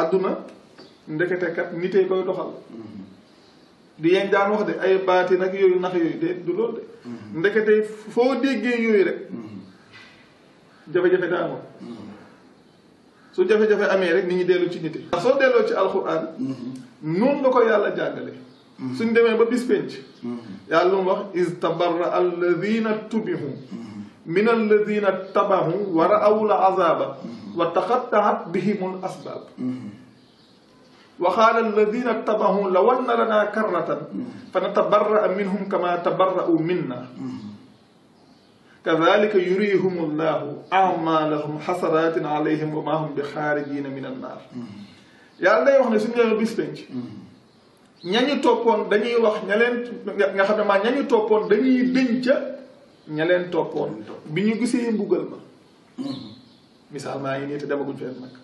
adduna ndekete kat nitee koy doxal du yeen daan wax de ay baati nag yooyu nax yooyu de du loolu de mm-hmm. ndekete foo déggee yooyu rek mm-hmm. jafe-jafe daan mm-hmm. su jafe-jafe amee rek nit ñi dellu ci nite soo delloo ci alxuraan noonu la ko yàlla jàngale suñ demee ba bis penc yàlla mu wax is tabarra alladina tubihu min alladina tabahu wa raaw la azaba وتقطعت بهم الاسباب وقال الذين اتبعوا لو ان لنا كرة فنتبرأ منهم كما تبرؤوا منا كذلك يريهم الله اعمالهم حسرات عليهم وما هم بخارجين من النار يا الله يوحنا سنجي بيس بنج ñañu topone dañuy wax ñaleen nga xamne ma مثال ما يعني تدمج في علمك